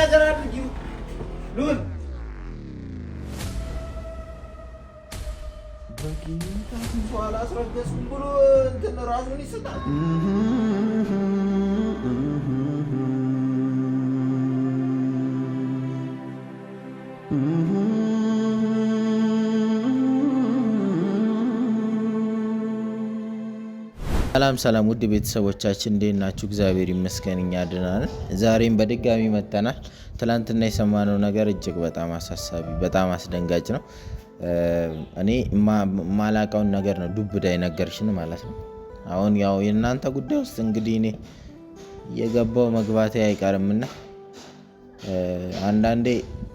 ነገር አድርጊ ሉል በኋላ አስረገዝኩም ብሎ እንትን ራሱን ይስጣል። ሰላም ሰላም ውድ ቤተሰቦቻችን እንዴት ናችሁ? እግዚአብሔር ይመስገን እኛ ደህና ነን። ዛሬም በድጋሚ መጥተናል። ትናንትና የሰማነው ነገር እጅግ በጣም አሳሳቢ፣ በጣም አስደንጋጭ ነው። እኔ ማላቀውን ነገር ነው ዱብ እዳ የነገርሽን ማለት ነው። አሁን ያው የእናንተ ጉዳይ ውስጥ እንግዲህ እኔ የገባው መግባቴ አይቀርምና አንዳንዴ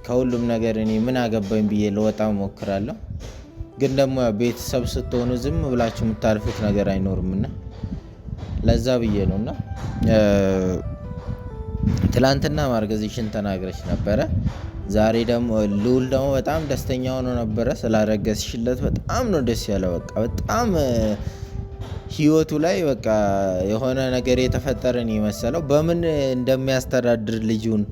ከሁሉም ነገር እኔ ምን አገባኝ ብዬ ልወጣ ሞክራለሁ ግን ደግሞ ቤተሰብ ስትሆኑ ዝም ብላችሁ የምታልፉት ነገር አይኖርምና ለዛ ብዬ ነው እና ትላንትና ማርገዝሽን ተናግረች ነበረ። ዛሬ ደግሞ ልውል ደግሞ በጣም ደስተኛ ሆኖ ነበረ ስላረገዝሽለት። በጣም ነው ደስ ያለው። በቃ በጣም ህይወቱ ላይ በቃ የሆነ ነገር የተፈጠረን የመሰለው በምን እንደሚያስተዳድር ልጁን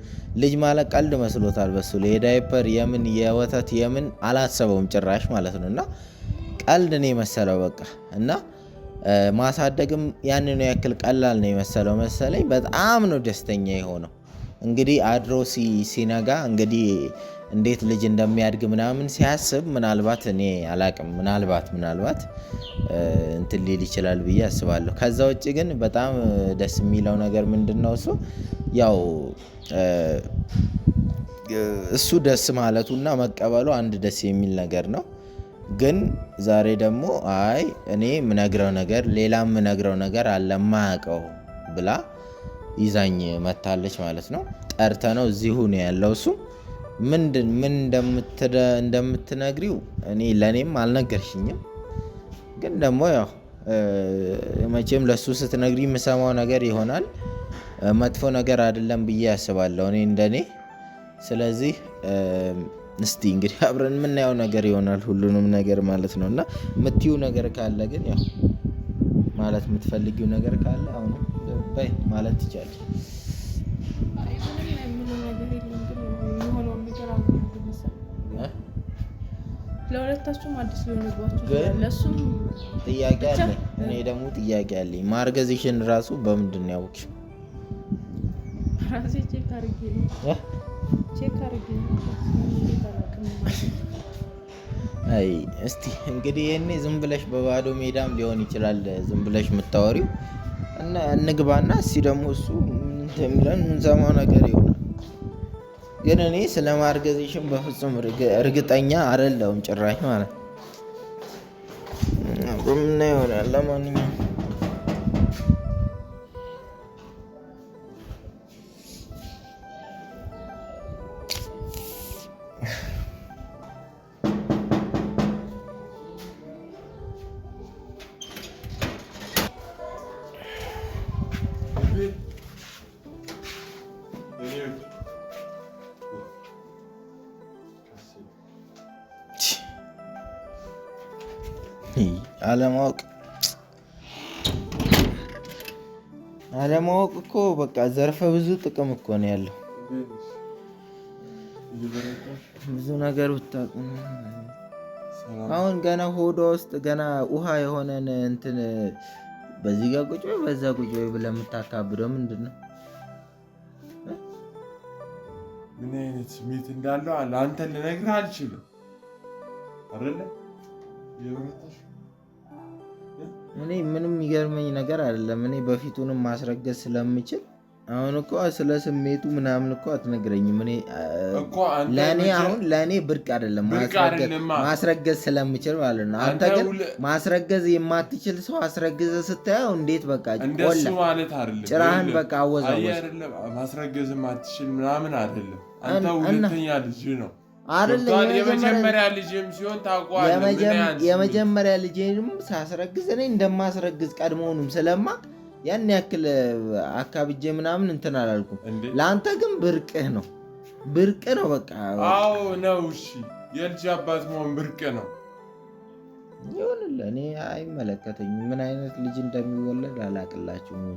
ልጅ ማለት ቀልድ መስሎታል። በሱ የዳይፐር የምን የወተት የምን አላሰበውም ጭራሽ ማለት ነው እና ቀልድ ነው የመሰለው በቃ እና ማሳደግም ያንኑ ያክል ቀላል ነው የመሰለው መሰለኝ። በጣም ነው ደስተኛ የሆነው። እንግዲህ አድሮ ሲነጋ እንግዲህ እንዴት ልጅ እንደሚያድግ ምናምን ሲያስብ ምናልባት እኔ አላቅም፣ ምናልባት ምናልባት እንትን ሊል ይችላል ብዬ አስባለሁ። ከዛ ውጭ ግን በጣም ደስ የሚለው ነገር ምንድን ነው እሱ ያው እሱ ደስ ማለቱ እና መቀበሉ አንድ ደስ የሚል ነገር ነው። ግን ዛሬ ደግሞ አይ እኔ የምነግረው ነገር ሌላ የምነግረው ነገር አለ ማያውቀው ብላ ይዛኝ መታለች ማለት ነው። ጠርተ ነው እዚሁ ነው ያለው እሱ ምንድን ምን እንደምትነግሪው እኔ ለእኔም አልነገርሽኝም። ግን ደግሞ ያው መቼም ለእሱ ስትነግሪ የምሰማው ነገር ይሆናል መጥፎ ነገር አይደለም ብዬ ያስባለሁ እኔ እንደኔ ስለዚህ እስቲ እንግዲህ አብረን የምናየው ነገር ይሆናል ሁሉንም ነገር ማለት ነው። እና የምትዩ ነገር ካለ ግን ያው ማለት የምትፈልጊው ነገር ካለ አሁን በይ ማለት ትቻል። ለሁለታችሁም አዲስ ሊሆንባችሁ ጥያቄ አለ። እኔ ደግሞ ጥያቄ አለኝ። ማርገዝሽን ራሱ በምንድን ነው ያውቅሽ? ራሴ ቼክ አድርጌ ነው አይ እስቲ እንግዲህ ይህኔ ዝም ብለሽ በባዶ ሜዳም ሊሆን ይችላል ዝም ብለሽ የምታወሪው እንግባና እስቲ ደግሞ እሱ እንደሚለን ምንሰማው ነገር ይሆናል። ግን እኔ ስለ ማርገዜሽን በፍጹም እርግጠኛ አይደለሁም ጭራሽ ማለት ነው። ምና ይሆናል ለማንኛውም አለማወቅ አለማወቅ እኮ በቃ ዘርፈ ብዙ ጥቅም እኮ ነው ያለው። ብዙ ነገር ብታውቅ አሁን ገና ሆዷ ውስጥ ገና ውሃ የሆነን እንትን በዚህ ጋር ቁጭ ወይ በዛ ቁጭ ወይ ብለህ የምታካብደው ምንድን ነው? ምን አይነት ስሜት እንዳለው አንተን ልነግርህ አልችልም። እኔ ምንም የሚገርመኝ ነገር አይደለም። እኔ በፊቱንም ማስረገዝ ስለምችል አሁን እኮ ስለ ስሜቱ ምናምን እኮ አትነግረኝም። እኔ ለእኔ አሁን ለእኔ ብርቅ አይደለም ማስረገዝ ስለምችል ማለት ነው። አንተ ግን ማስረገዝ የማትችል ሰው አስረግዘ ስታየው እንዴት በቃ ጭራህን በቃ አወዛወዝ ማስረገዝ የማትችል ምናምን አይደለም። አንተ ሁለተኛ ልጅ ነው አይደለም የመጀመሪያ ልጅም ሲሆን የመጀመሪያ ልጅም ሳስረግዝ እኔ እንደማስረግዝ ቀድሞውንም ስለማቅ ያን ያክል አካብጄ ምናምን እንትን አላልኩም። ለአንተ ግን ብርቅህ ነው ብርቅ ነው በቃ። አዎ ነው። እሺ የልጅ አባት መሆን ብርቅ ነው። ይሁንልህ። እኔ አይመለከተኝም። ምን አይነት ልጅ እንደሚወለድ አላቅላችሁም።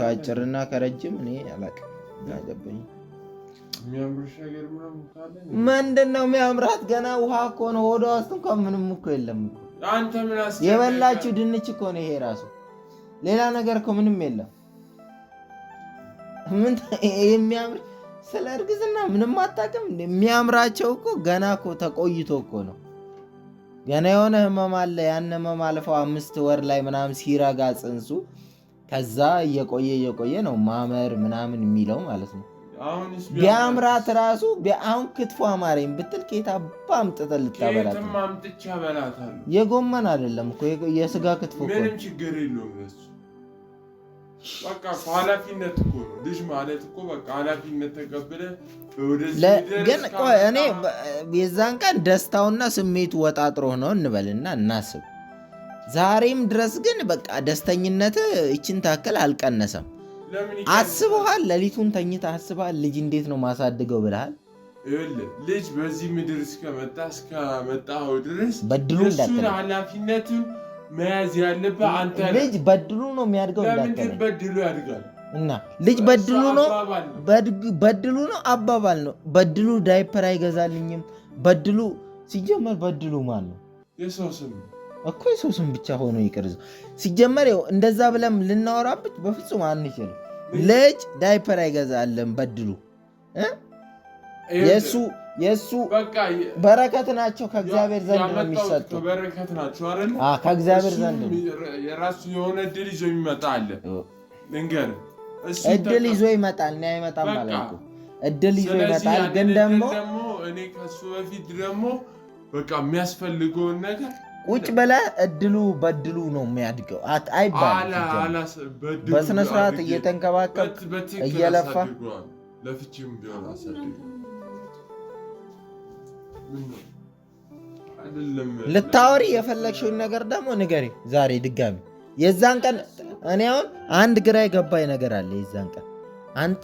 ከአጭርና ከረጅም እኔ አላቅም። አገባኝ ምንድን ነው የሚያምራት? ገና ውሃ እኮ ነው ሆዷ ውስጥ እንኳን ምንም እኮ የለም። የበላችሁ ድንች እኮ ነው ይሄ ራሱ። ሌላ ነገር እኮ ምንም የለም። የሚያምር ስለ እርግዝና ምንም አታውቅም። የሚያምራቸው እኮ ገና እኮ ተቆይቶ እኮ ነው ገና የሆነ ህመም አለ። ያን ህመም አልፈው አምስት ወር ላይ ምናምን ሲረጋ ጽንሱ ከዛ እየቆየ እየቆየ ነው ማመር ምናምን የሚለው ማለት ነው። ቢያምራት ራሱ አሁን ክትፎ አማረኝ ብትል ኬት አባ አምጥተህ ልታበላት? የጎመን አይደለም እኮ የስጋ ክትፎ ምንም ችግር የለውም። በቃ ኃላፊነት እኮ ነው። ልጅ ማለት እኮ በቃ ኃላፊነት ተቀብለህ ግን እኔ የዛን ቀን ደስታውና ስሜቱ ወጣጥሮ ነው እንበልና እናስብ። ዛሬም ድረስ ግን በቃ ደስተኝነት ይችን ታክል አልቀነሰም። አስበሃል? ሌሊቱን ተኝተህ አስበሃል? ልጅ እንዴት ነው ማሳድገው ብለሃል? ልጅ በዚህ ምድር እስከመጣ እስከመጣው ድረስ በድሉ እንዳትል ኃላፊነቱን መያዝ ያለብህ አንተ ልጅ በድሉ ነው የሚያድገው እንዳትል። በድሉ ያድጋል እና ልጅ በድሉ ነው በድሉ ነው አባባል ነው። በድሉ ዳይፐር አይገዛልኝም። በድሉ ሲጀመር በድሉ ማን ነው? የሰው ስም እኮ የሰው ብቻ ሆኖ ይቅር። ሲጀመር እንደዛ ብለም ልናወራበት በፍጹም አንችልም። ልጅ ዳይፐር አይገዛለን። በድሉ የእሱ የእሱ በረከት ናቸው ከእግዚአብሔር ዘንድ ነው የሚሰጡ በረከት ናቸው። ከእግዚአብሔር ዘንድ የራሱ የሆነ እድል ይዞ የሚመጣ አለ። እድል ይዞ ይመጣል። እኔ አይመጣም ማለት እድል ይዞ ይመጣል። ግን ደግሞ እኔ ከሱ በፊት ደግሞ በቃ የሚያስፈልገውን ነገር ውጭ በላ እድሉ በድሉ ነው የሚያድገው አይባልም። በስነ ስርዓት እየተንከባከብ እየለፋ ልታወሪ የፈለግሽውን ነገር ደግሞ ንገሪ። ዛሬ ድጋሚ የዛን ቀን እኔ አሁን አንድ ግራ የገባኝ ነገር አለ። የዛን ቀን አንተ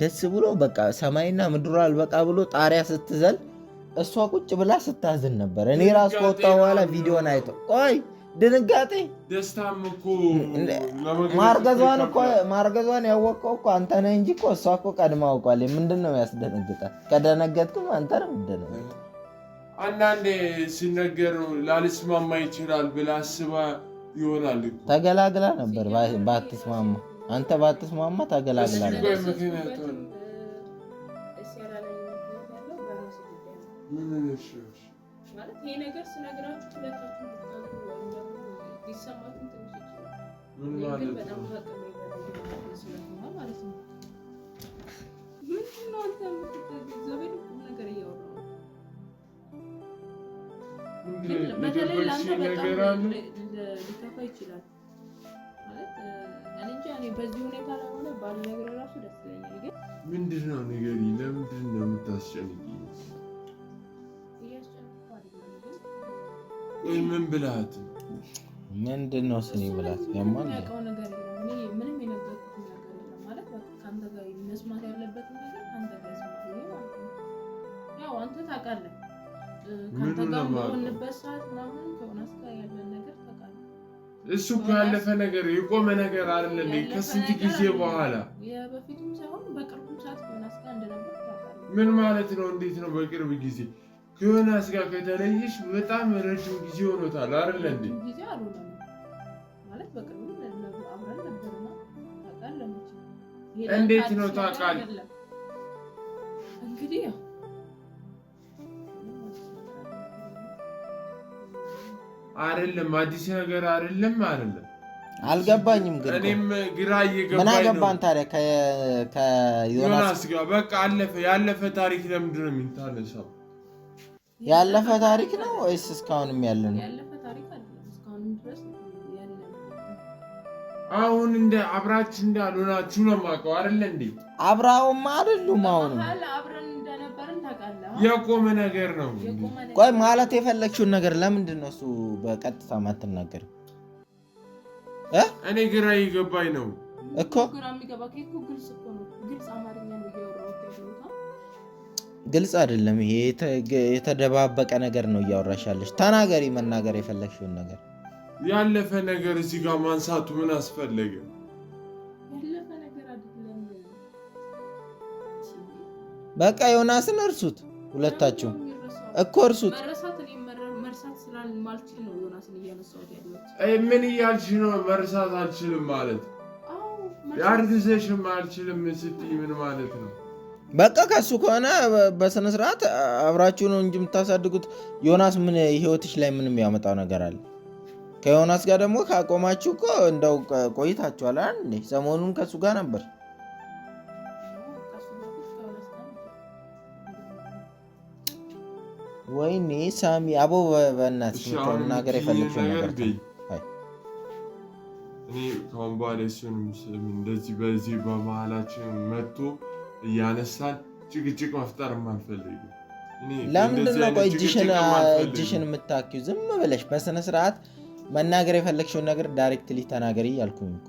ደስ ብሎ በቃ ሰማይና ምድሩ አልበቃ ብሎ ጣሪያ ስትዘል እሷ ቁጭ ብላ ስታዝን ነበር። እኔ ራስ ከወጣ በኋላ ቪዲዮን አይቶ ቆይ ድንጋጤ ደስታም እኮ ማርገዟን እኮ ማርገዟን ያወቀው እኮ አንተ ነህ እንጂ እኮ እሷ እኮ ቀድማ አውቋል። ምንድን ነው ያስደነግጣል? ከደነገጥክም አንተ ነው የምትደነግጥ። አንዳንዴ ሲነገር ላልስማማ ይችላል ብላ አስባ ይሆናል። ተገላግላ ነበር ባትስማማ፣ አንተ ባትስማማ ተገላግላ ነበር። ምን ማለት ይሄ ነገር ስነግራችሁ ሁለታችሁ ሊሰማችሁ ትንሽ ይችላል። ምን ማለት ነው? በተለይ ለአንተ በጣም ሊከፋ ይችላል። እንጃ እኔ በዚህ ሁኔታ ነገር እራሱ ደስ ይለኛል። ግን ምንድን ነው ንገሪኝ፣ ለምንድን ነው የምታስጨንቅ ምን ብላት ምንድን ነው ስኒ ብላት መስማት ያለበት ከአንተ ጋር ያው አንተ ታውቃለህ ከአንተ ጋር በሆንበት ሰዓት ምናምን ከሆነስ ጋር ያለን ነገር ታውቃለህ። እሱ እኮ ያለፈ ነገር የቆመ ነገር አይደለም። ከስንት ጊዜ በኋላ በፊቱም ሳይሆን በቅርቡም ሰዓት ከሆነስ ጋር እንደነበር ታውቃለህ። ምን ማለት ነው? እንዴት ነው በቅርብ ጊዜ ከዮናስ ጋር ከተለየሽ በጣም ረጅም ጊዜ ሆኖታል አይደል እንዴ? ጊዜ አልሆነም እንዴት ነው ታውቃለህ? እንግዲህ ያው አይደለም አዲስ ነገር አይደለም አይደለም አልገባኝም ግን እኔም ግራ እየገባኝ ምን አገባን ታዲያ ከዮናስ ጋር በቃ አለፈ። ያለፈ ታሪክ ለምንድን ነው የሚታነሳው? ያለፈ ታሪክ ነው ወይስ እስካሁንም ያለ ነው? አሁን እንደ አብራችሁ እንዳልሆናችሁ ነው የማውቀው አይደለ እንዴ? አብራውም አይደሉም። አሁን የቆመ ነገር ነው። ቆይ ማለት የፈለግችውን ነገር ለምንድን ነው እሱ በቀጥታ ማትናገር? እኔ ግራ የገባኝ ነው እኮ ግራ የሚገባ ግልጽ አማርኛ ነው ግልጽ አይደለም። ይሄ የተደባበቀ ነገር ነው እያወራሻለች። ተናገሪ፣ መናገር የፈለግሽውን ነገር። ያለፈ ነገር እዚህ ጋር ማንሳቱ ምን አስፈለገ? በቃ ዮናስን እርሱት፣ ሁለታችሁ እኮ እርሱት። ምን እያልሽ ነው? መርሳት አልችልም ማለት ያርግዘሽም አልችልም ስትይ ምን ማለት ነው? በቃ ከሱ ከሆነ በስነ ስርዓት አብራችሁ ነው እንጂ የምታሳድጉት። ዮናስ ምን ህይወትሽ ላይ ምንም ያመጣው ነገር አለ? ከዮናስ ጋር ደግሞ ካቆማችሁ እኮ እንደው ቆይታችኋል። ሰሞኑን ከሱ ጋር ነበር። ወይኔ ሳሚ አቦ፣ በእናትሽ ነገር የፈለግሽው ነገር እኔ ከአሁን በኋላ እሱንም እንደዚህ በዚህ በመሀላችን መጥቶ እያነሳን ጭቅጭቅ መፍጠር ለምንድን ነው? ቆይ እጅሽን የምታኪው? ዝም ብለሽ በስነ ስርዓት መናገር የፈለግሽውን ነገር ዳይሬክትሊ ተናገሪ እያልኩኝ እኮ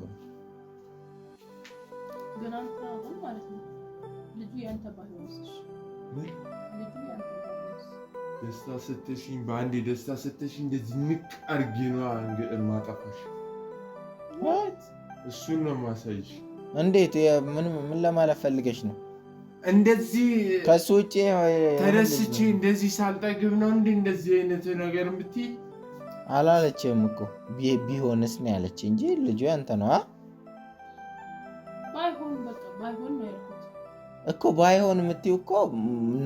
ደስታ ስትሽኝ በአንዴ ደስታ ስትሽኝ እንደዚህ ንቅ አድርጌ ነው ማጠፋሽ። እሱን ነው የማሳይሽ እንዴት? ምን ለማለት ፈልገች ነው? እንደዚህ ከሱ ውጭ ተደስቼ እንደዚህ ሳልጠግብ ነው እንዲ እንደዚህ አይነት ነገር ብት አላለችም እኮ ቢሆንስ ነው ያለች እንጂ ልጁ ያንተ ነው እኮ ባይሆን የምትይው እኮ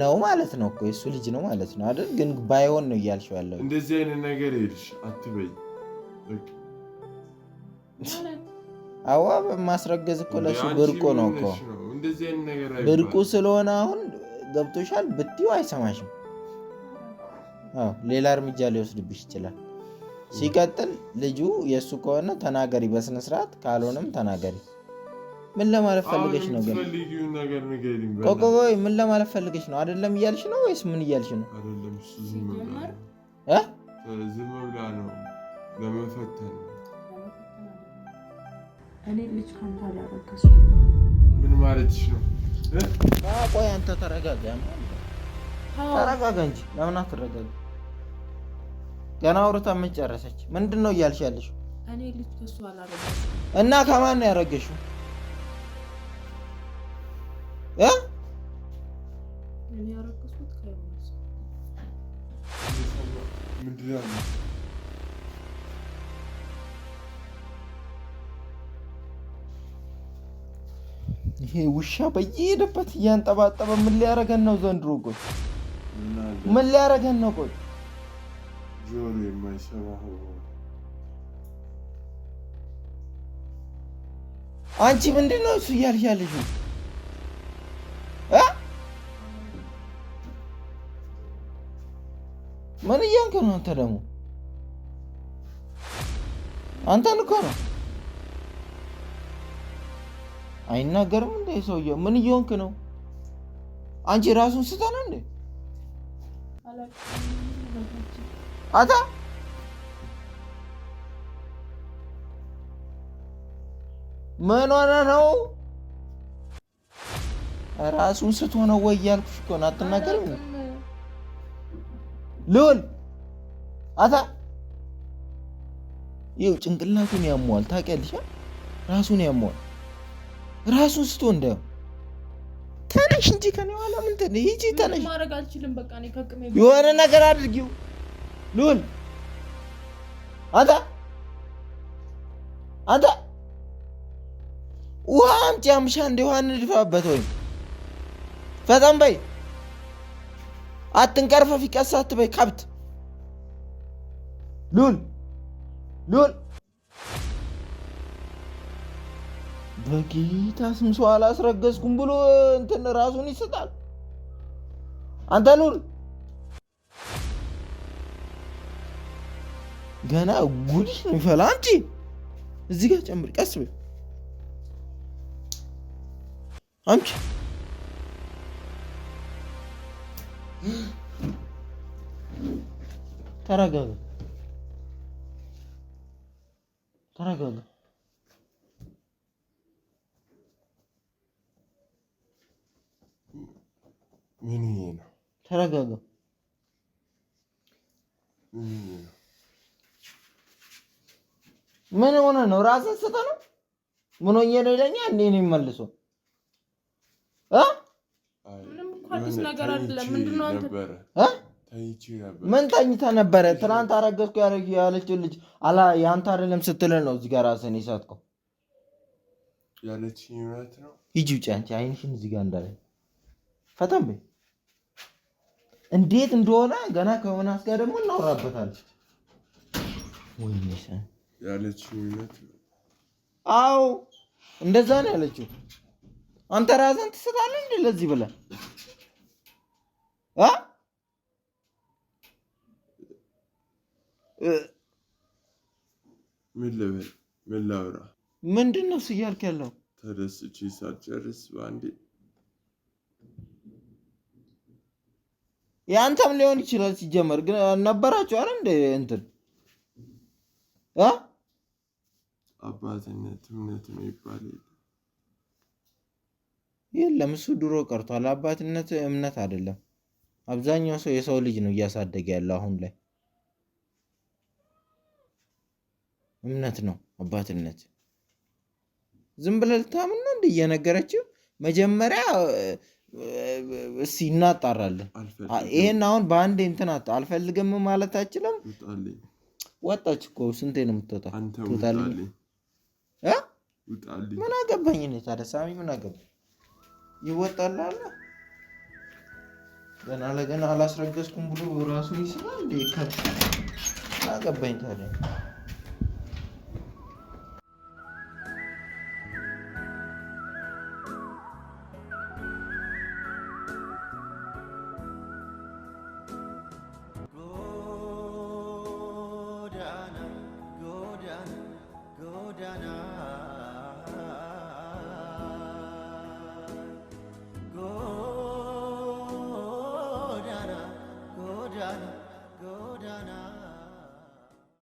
ነው ማለት ነው እኮ የሱ ልጅ ነው ማለት ነው አይደል? ግን ባይሆን ነው እያልሽው ያለው እንደዚህ አይነት ነገር ሄድሽ አትበይ አዋ በማስረገዝ እኮ ለሱ ብርቁ ነው እኮ ብርቁ ስለሆነ አሁን ገብቶሻል ብትዩ አይሰማሽም። ሌላ እርምጃ ሊወስድብሽ ይችላል። ሲቀጥል ልጁ የእሱ ከሆነ ተናገሪ በስነ ስርዓት፣ ካልሆነም ተናገሪ። ምን ለማለት ፈልገሽ ነው? ግን ቆቆቆይ ምን ለማለት ፈልገሽ ነው? አይደለም እያልሽ ነው ወይስ ምን እያልሽ ነው? ዝም ብላ ነው ለመፈተን እኔ ልጅ ከአንተ አላረገዝሽ። ምን ማለትሽ ነው? ቆይ አንተ ተረጋጋ፣ ተረጋጋ እንጂ ለምን አትረጋጋ? ገና አውርታ ምን ጨረሰች? ምንድን ነው እያልሽ ያለሽው? እኔ ልጅ ከሱ አላረገዝሽም። እና ከማን ነው ያረገሽው? እኔ ያረገዝኩት ይሄ ውሻ በየሄደበት እያንጠባጠበ ምን ሊያረገን ነው ዘንድሮ? ቆይ ምን ሊያረገን ነው? ቆይ ጆሮ የማይሰማ አንቺ ምንድን ነው እሱ እያልሽ ያለሽ? ምን እያንከ ነው አንተ ደግሞ አንተን እኮ ነው አይናገርም እንደ ሰውየው ምን እየሆንክ ነው? አንቺ ራሱን ስተነ እንደ አታ ምን ሆነ ነው? ራሱን ስቶ ነው ወይ እያልኩሽ እኮ ነው። አትናገርም ልውል አታ ይኸው ጭንቅላቱን ያመዋል። ታውቂያለሽ ራሱን ያመዋል። ራሱን ስቶ እንዳየው ተነሽ እንጂ ከኔ ኋላ ተነ ይጂ ተነሽ። የሆነ ነገር አድርጊው ልውል አንተ አንተ ውሃ አምጪ አምሻ እንደ ውሃ እንድፋበት ወይም ፈጠን በይ አትንቀርፈፍ ይቀሳ አትበይ ከብት ሉል ሉል በጌታ ስም ሰው አላስረገዝኩም ብሎ እንትን ራሱን ይስጣል። አንተ ሉል ገና ጉድሽ ነው ይፈላ። አንቺ እዚህ ጋር ጨምር፣ ቀስ በይ አንቺ ተረጋጋ፣ ተረጋጋ ምን ነው? ተረጋጋ። ምን ሆነ ነው? ራስን ስተ ነው? ምን ሆኜ ነው ይለኛል። እንዴ ነው የሚመልሶ ምን ተኝተ ነበረ? ትናንት አረገዝኩ ያለችው ልጅ አላ የአንተ አይደለም ስትል ነው እዚህ ጋር ራስን የሳትከው። ሂጂ ውጪ አንቺ አይንሽን እዚህ ጋር እንዳለ ፈተን በይ እንዴት እንደሆነ ገና ከዮናስ ጋር ደግሞ እናወራበታለን። አዎ እንደዛ ነው ያለችው። አንተ ራዘን ትስታለህ እንዴ ለዚህ ብለህ አ ምን ልበል ምን ላውራ ምንድን ነው እያልክ ያለው? ተደስቼ በአንዴ የአንተም ሊሆን ይችላል። ሲጀመር ግን ነበራችሁ አለ እንደ እንትን አባትነት እምነት ነው ይባል የለም። እሱ ድሮ ቀርቷል። አባትነት እምነት አይደለም። አብዛኛው ሰው የሰው ልጅ ነው እያሳደገ ያለው አሁን ላይ እምነት ነው አባትነት። ዝም ብለህ ልታምን ነው እንደ እየነገረችው መጀመሪያ እስኪ እናጣራለን። ይሄን አሁን በአንዴ እንትን አልፈልግም ማለት አችልም። ወጣች እኮ ስንቴ ነው የምትወጣ? ምን አገባኝ እኔ ታዲያ። ሳሚ ምን አገባኝ? ይወጣል አለ ገና ለገና አላስረገዝኩም ብሎ ራሱ ይስራል። ምን አገባኝ ታዲያ